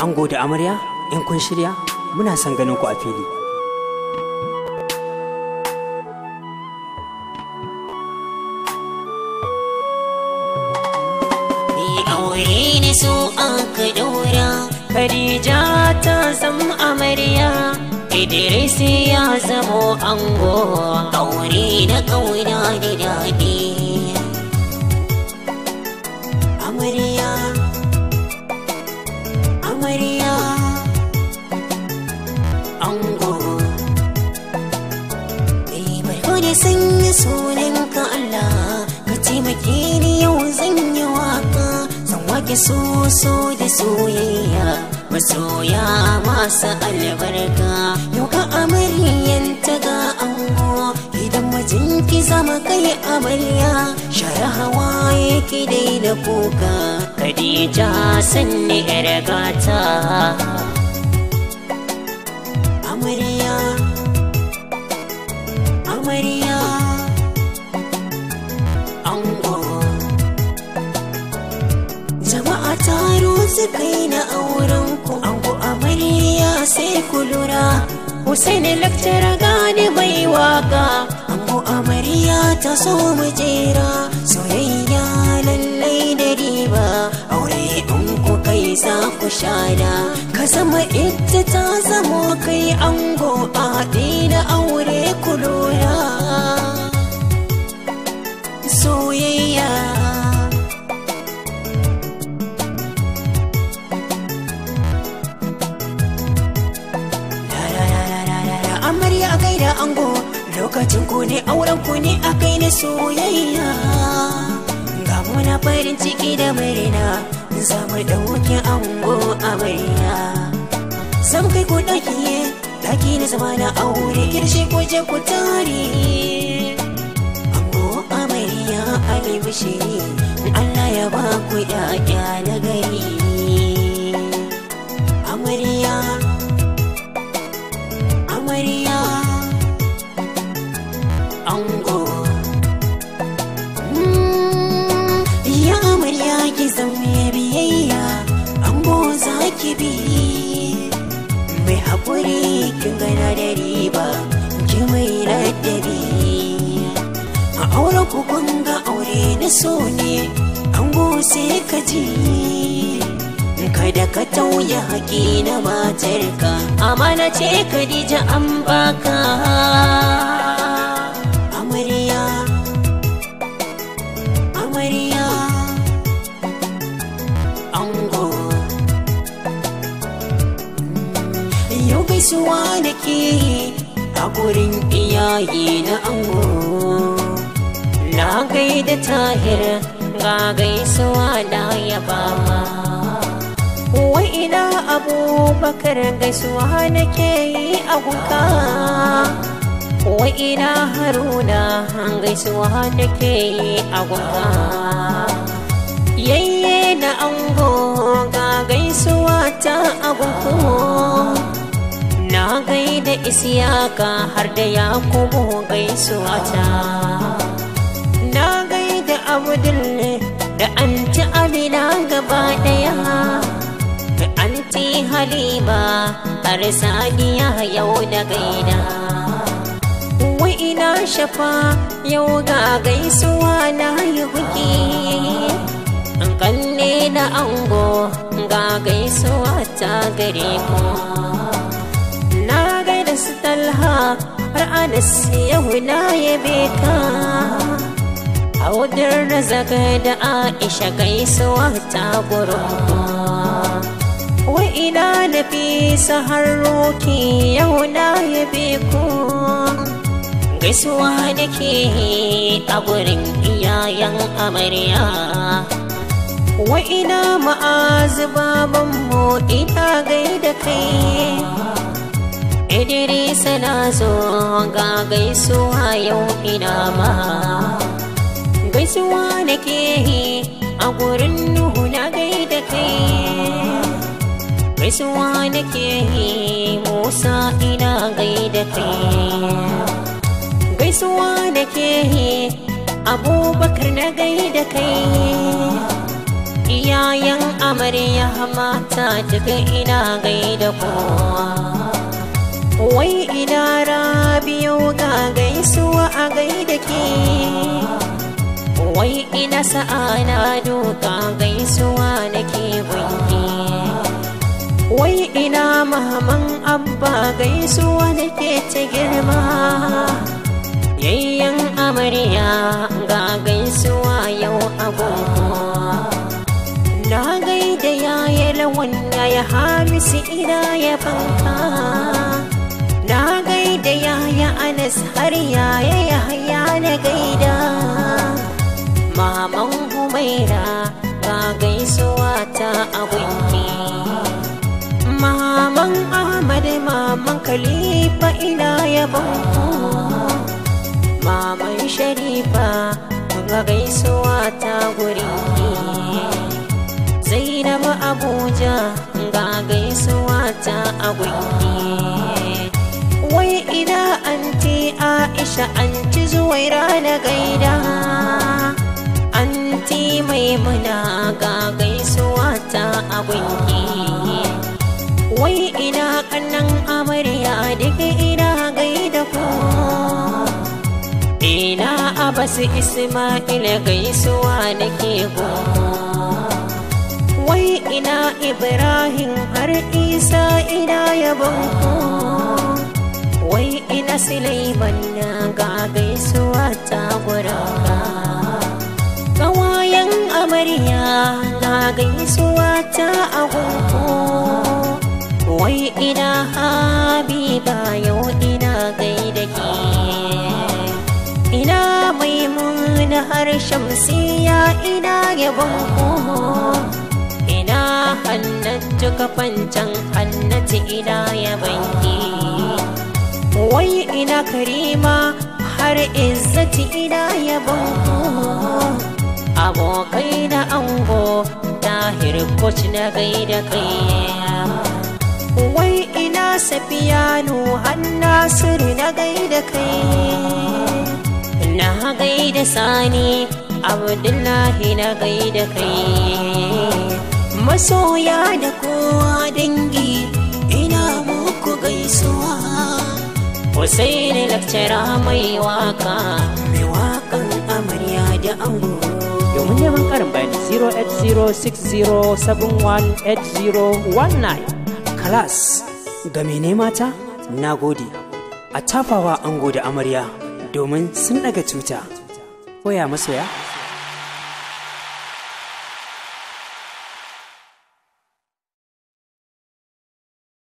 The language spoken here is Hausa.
Ango da amarya, in kun shirya, muna son ganin ku a fili. Ni aure ne so aka daura, Khadija ta zama amarya, Idris ya zamo ango, aure na kauna ni daɗi. Amarya. da sanya sunanka Allah ka taimake ni yau zan yi waka san wake soso da soyayya masoya masu albarka yau ka amaryanta ga ango idan ki zama kai amarya shara hawa yake dai da kuka Khadija sanni 'yar gata suka na auren ku ango amarya sai ku lura Hussein lakcara gane mai waka ango amarya ta so mu jera soyayya lallai da riba aure in ku kai za ku shada ka zama ita ta zama kai ango a na aure lokacin ku ne auren ku ne akai na soyayya ga muna farin ciki da murna za mu dauke ango a amarya sam kai ku daki daki na zama na aure kirshe ko je ku tare ango a amarya alibishiri Allah ya ba ku ya'ya ango hmm, ya amarya ki zaune biyayya ango za ki bi mai haƙuri kin gana da riba ki mai ladabi a aure ku ga aure na so ne ango sai ka ji kada ka tauya haƙi na matarka amana ce ka dija an baka biki a gurin iyaye na ango na gaida tahir ga gaisuwa da yaba wa ina abubakar gaisuwa nake yi a guka wa ina haruna gaisuwa nake yi a guka yayye na ango ga gaisuwa ta agogo na gai da isiyaka har da yakubu gaisuwa ta na gai da abdul da anti amina gaba daya da anti halima har Saniya yau da gaida wai ina shafa yau ga gaisuwa na yi huki an kalle na ango ga gaisuwa ta gare ku su talha har anas ya huna ya beka a wadar da zaga da aisha gaisuwa ta gurba wa ina na fi har roki ya huna ya gaisuwa da ke a gurin iyayen amarya wa ina ma'azu babanmu ina gaida kai Idris sana zo ga gaisuwa yau ina ma gaisuwa nake yi a gurin nuhu na gaida kai gaisuwa nake yi musa ina gaida kai gaisuwa nake yi abubakar na gaida kai iyayen amarya mata duka ina gaida kowa wai ina rabiyo ga gaisuwa a gaida ke wai ina sa'ana ga gaisuwa nake gunki wai ina mahaman abba gaisuwa nake ta girma yayyan amarya ga gaisuwa yau agogo na gaida yayar wanda ya hamisi ina ya fanka na gaida yaya anas har yaya haya na gaida maman humaira ga gaisuwa ta abinki maman ahmad maman khalifa ina banku. maman sharifa ga gaisuwa ta gurinki zainabu abuja ga gaisuwa ta abinki ina anti aisha anti zuwaira na gaida anti maimuna ga gaisuwa ta abinki wai ina kannan amarya daga ina gaida ku ina abasu isma'il gaisuwa nake ku wai ina ibrahim har isa ina yabon ku wai ina Suleiman na ga gaisuwa ta gura kawayan amarya ga gaisuwa ta agogo wai ina habiba yau ina gaida ke ina maimuna har shamsiya ina yabon ku ina hannatu kafancan ci ina ina karima har izzati ina yabon abokai na ango tahir coach na gaida kai wai ina safiyanu hannasir na gaida kai na gaida sani abdullahi na gaida kai masoya da kowa dangi ne lakcara mai waka mai wakan amarya da ango domin neman karin bayani 08060718019 class ga ne mata na gode a tafawa ango da amarya domin sun daga tuta koya masoya